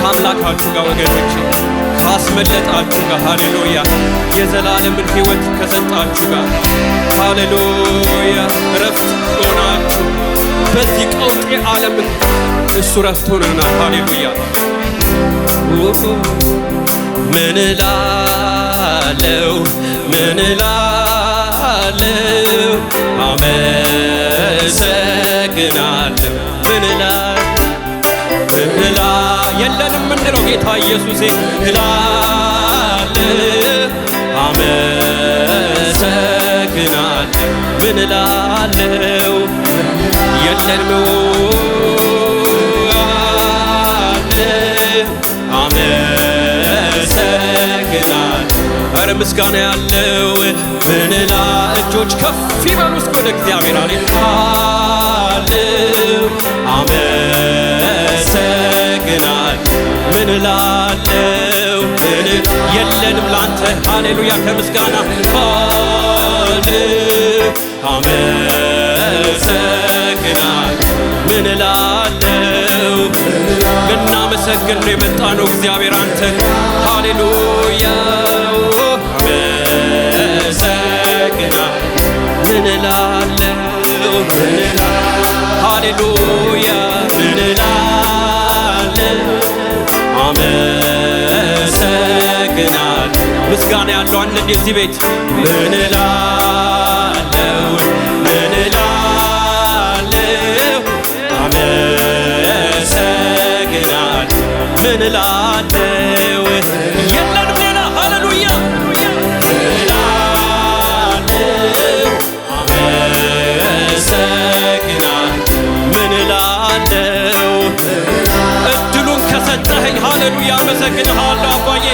ከአምላካችሁ ጋር ወገኖች ካስመለጣችሁ ጋር ሃሌሉያ የዘላለምን ሕይወት ከሰጣችሁ ጋር ሃሌሉያ ረፍት ሆናችሁ በዚህ ቀውጤ ዓለም እሱ ረፍት ሆነናል። ሃሌሉያ ምን ላለው ምን ላለው አሜን ጌታ ኢየሱሴ እላለሁ አመሰግናለሁ። ምን እላለሁ የለንም አመሰግናለሁ። ኧረ ምስጋና ያለው ምን እላ እጆች ከፍ ይበሉ እስኪ ወደ እግዚአብሔር አሌ አለ አሜን እላለው የለንም ላንተ ሃሌሉያ ከምስጋና ባድ አመሰግናል ምን ልናመሰግን ነው የመጣ ነው እግዚአብሔር አንተ ሃሌሉያ አመሰግናል ምን ሃሌሉያ ምን ምስጋና ያለው አንድ የዚህ ቤት ምን እላለሁ ምን እላለሁ አመሰግናለሁ ምን እላለሁ የለንም ሌላ ሃሌሉያ ምን እላለሁ እድሉን ከሰጠኸኝ ሃሌሉያ አመሰግንሃለሁ አባዬ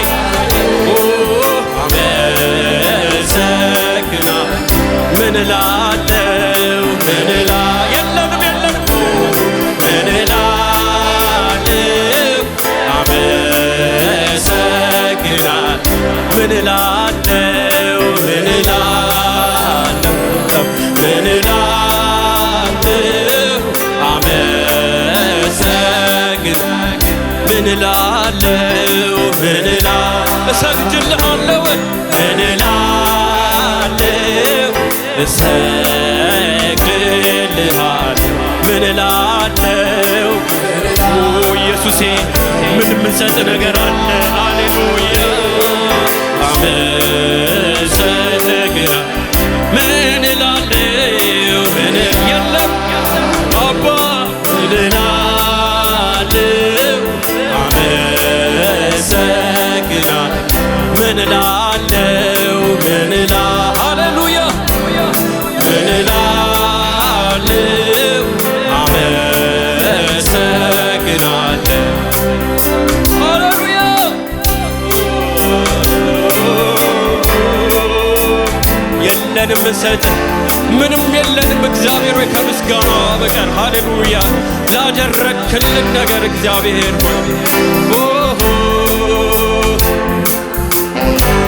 እላለው ምን እላ እሰግድልሃለው ምን እላለው እሰግድልሃል ምን እላለው ኢየሱሴ ምን ምንሰጥ ነገር አለ አሌሉያ አመሰግና ምን እላለው የለም አባ ምን ላለው ምን ላ ሃሌሉያ ምን ላለው አመሰግናለው ሃሌሉያ የለንም ብንሰጥ ምንም የለንም እግዚአብሔር ወይ ከምስጋና በቀር ሃሌሉያ ላደረግክልን ነገር እግዚአብሔር ሆይ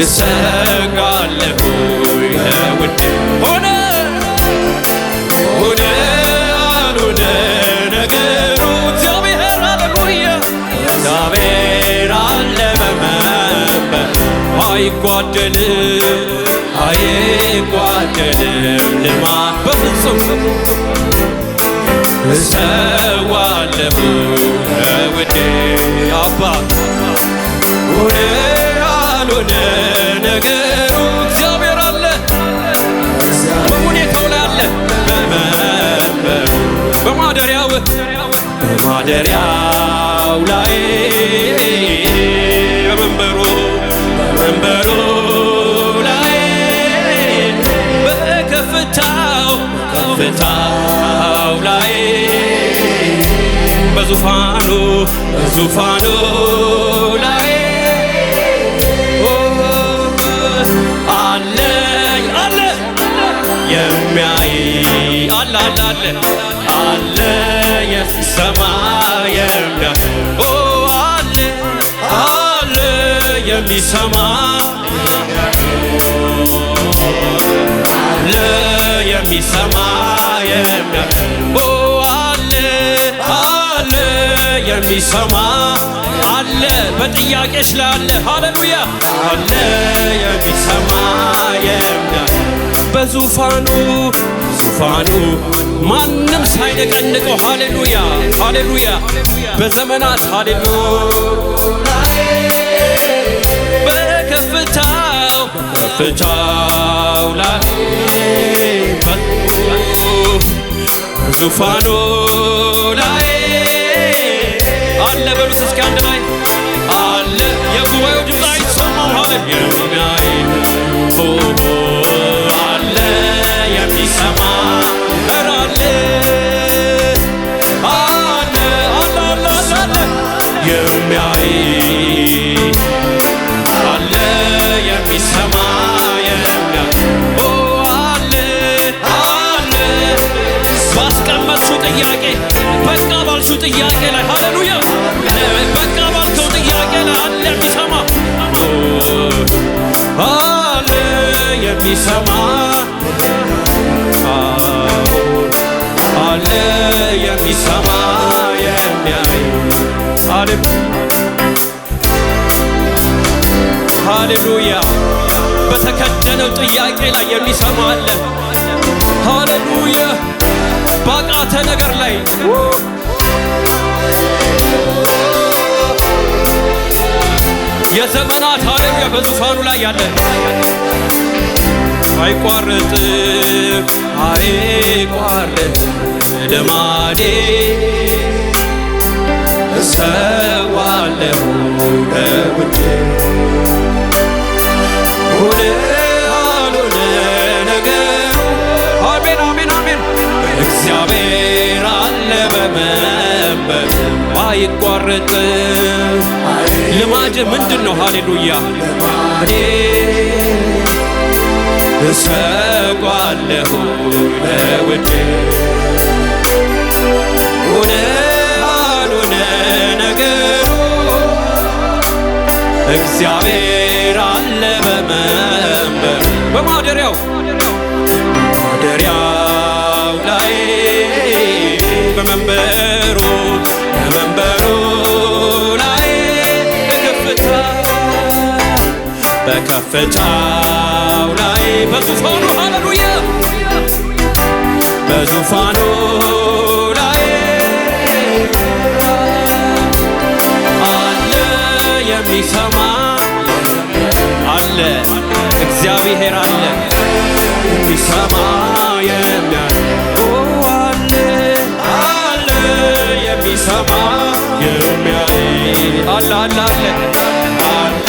እሰጋለሁ ለውድ ሆነ ሆነ አልሆነ ነገሩ እግዚአብሔር አለሉያ እግዚአብሔር አለ በመንበር አይጓደልም አይጓደልም ልማ በፍጹም እሰዋለሁ ለውዴ አባት ሆነ አልሆነ በማደሪያው ላይ በመንበሩ በመንበሩ ላይ በከፍታው በከፍታው ላይ በዙፋኑ በዙፋኑ ላይ አለኝ አለ የሚያይ አለ አለ አለ አለ የሚሰማ አለ የሚሰማ አለ አለ የሚሰማ አለ በጥያቄ ስላለ ሃሌሉያ አለ የሚሰማ የሚያል በዙፋኑ ዙፋኑ ማንም ሳይነቀንቀው ሃሌሉያ ሃሌሉያ በዘመናት ሃሌሉያ በከፍታው በከፍታው ላይ ዙፋኑ ላይ አለ በሉስ እስኪ አንድ ላይ አለ የጉባኤው ድምፅ አይሰማም ሃሌሉያ ጥያቄ ላይ ሃሌሉያ በቃ ባልከው ጥያቄ ላይ አለ የሚሰማ አለ የሚሰማ አለ የሚሰማ የሚያይ ሃሌሉያ በተከደነው ጥያቄ ላይ የሚሰማ አለ ሃሌሉያ ባቃተ ነገር ላይ የዘመናት አለሚያ በዙፋኑ ላይ ያለ አይቋረጥ አይቋረጥ ልማዴ እሰዋለሁ ለውዴ ባይቋረጥ ልማድ ምንድን ነው? ሃሌሉያ እሰጓለሁ ሆነ አልሆነ ነገሩ እግዚአብሔር አለ በመንበር በማደሪያው በማደሪያው ላይ በመንበር በከፍታው ላይ በዙፋኑ ሃሌሉያ በዙፋኑ ላይ አለ የሚሰማ አለ እግዚአብሔር አለ የሚሰማ የሚያ አለ የሚሰማ የሚያይ አለ አለ አለ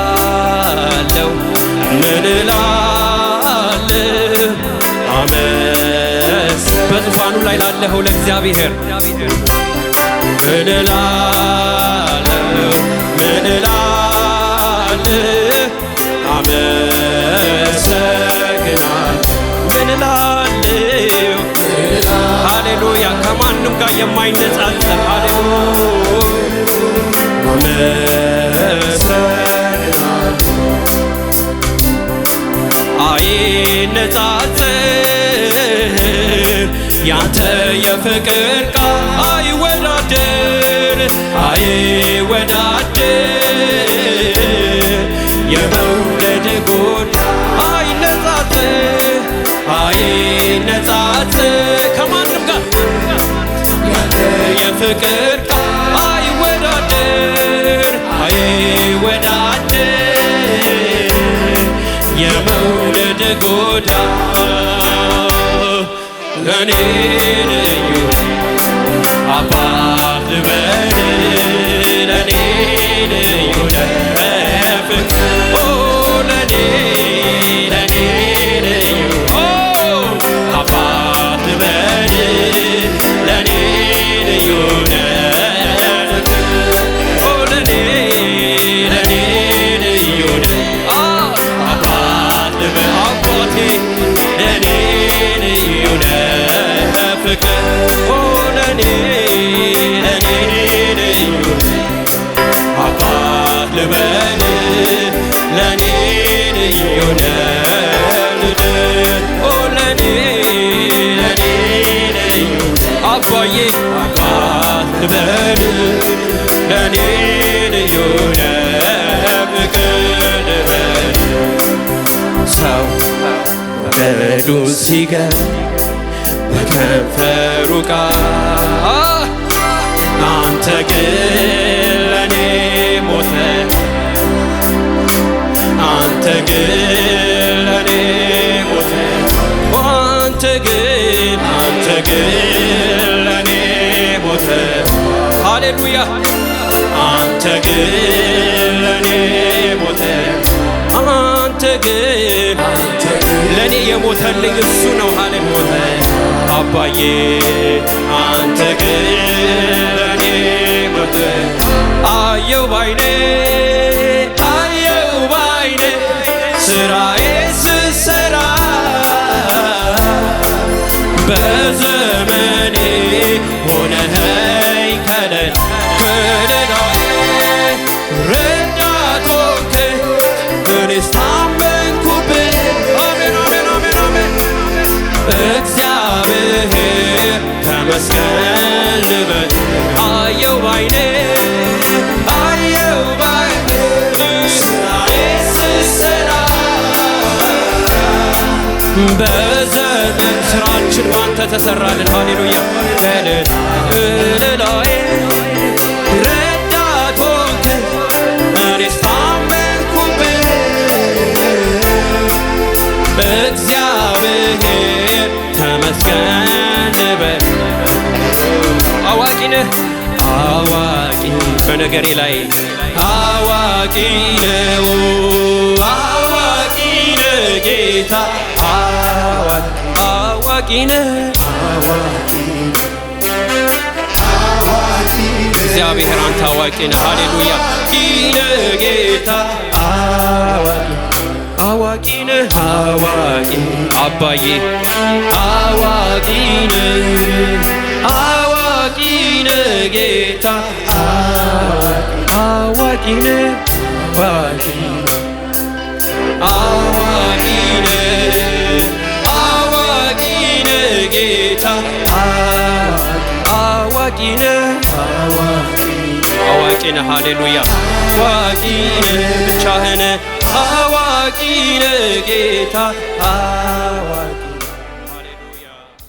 ምን እላለሁ አመስ በዙፋኑ ላይ ላለሁ ለእግዚአብሔር ምን እላለሁ ምን እላለሁ አመሰግናለሁ ምን እላለሁ ሃሌሉያ ከማንም ጋር የማይነጻጸር ሃሌሉያ አሜን ሲነጻጽር ያንተ የፍቅር ቃል አይወዳደር አይወዳደር የመውደድ ጎዳ አይነጻጽር አይነጻጽር ከማንም ጋር ያንተ የፍቅር ቃል አይወዳደር ልጎዳ ለእኔ ልዩ አባ ፍቅር ሆነኔ እኔ ልዩ በከንፈሩ ቃል አንተ ግን ለእኔ ሞተ አንተ ግን ለእኔ ሞተ አንተ ግን አንተ ግን ለእኔ ሞተ ሃሌሉያ አንተ ግን ለእኔ ሞተ አንተ ግን ለእኔ የሞተልኝ እሱ ነው ሃሌ አባዬ አንተ ግን ለኔ ምርጥ አየው ባይኔ አየው ባይኔ ስራ በዘመን ስራችን ባንተ ተሰራልን። ሃሌሉያ እልላዬ ረዳት ሆንክ እኔስ ታመንኩብህ በእግዚአብሔር ተመስገን ልበል። አዋቂ ነህ አዋቂ በነገሬ ላይ አዋቂ ነው ጌታ አዋቂ ነህ እግዚአብሔር አንተ አዋቂ ነህ። ሃሌሉያ ኪነ ጌታ አዋቂ ነህ አዋቂ አባዬ አዋቂ ነህ አዋቂ ነህ ጌታ አዋቂ ነህ አዋቂ አዋቂ ነህ አዋቂ ነህ ሃሌሉያ አዋቂ ነህ ብቻህን አዋቂ ነህ ጌታ አዋቂ